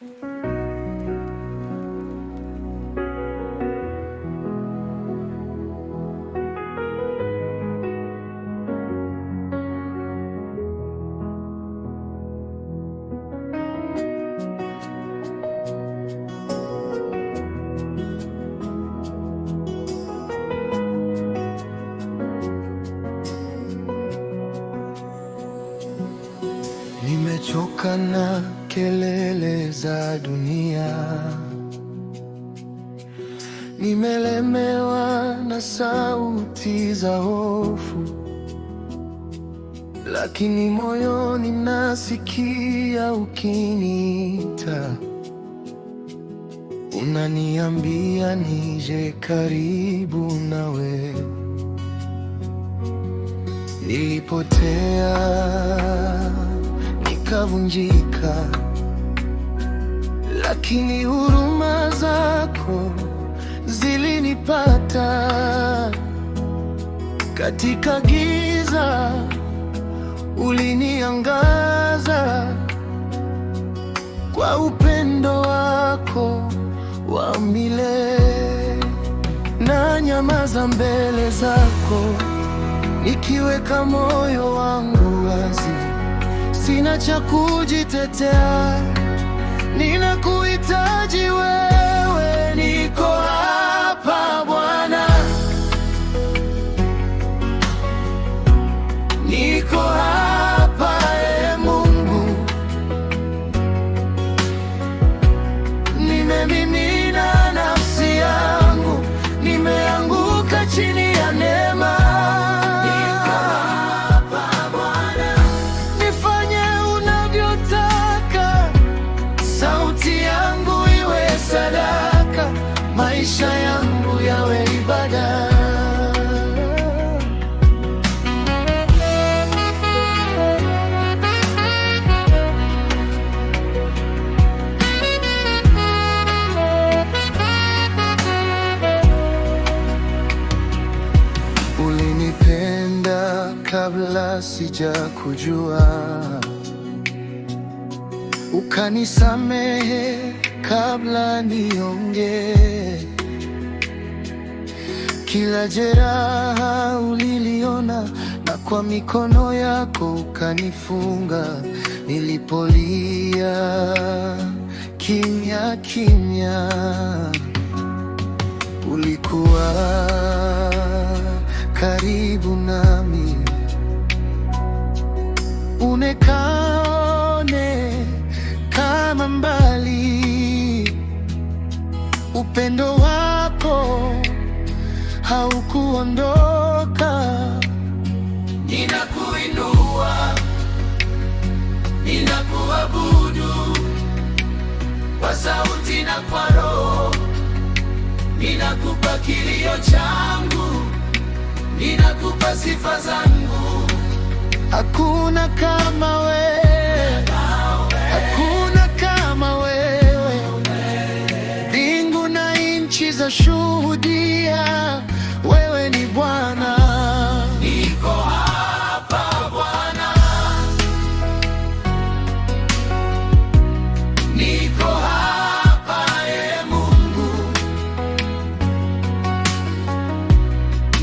n i m e c h k a na kelele za dunia, nimelemewa na sauti za hofu, lakini moyoni nasikia ukiniita, unaniambia nije karibu nawe. Nilipotea utavunjika, lakini huruma zako zilinipata katika giza, uliniangaza kwa upendo wako wa milele. Na nyamaza mbele zako, nikiweka moyo wangu wazi sina cha kujitetea nina sijakujua, ukanisamehe kabla nionge Kila jeraha uliliona na kwa mikono yako ukanifunga. Nilipolia kimya kimya, ulikuwa karibu na unekaone kama mbali. Upendo wako haukuondoka. Ninakuinua, ninakuabudu kwa sauti na kwa roho, ninakupa kilio changu, ninakupa sifa zangu Hakuna kama wewe, hakuna kama wewe. Mbingu na nchi za shuhudia, wewe ni Bwana.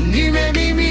E nime mimi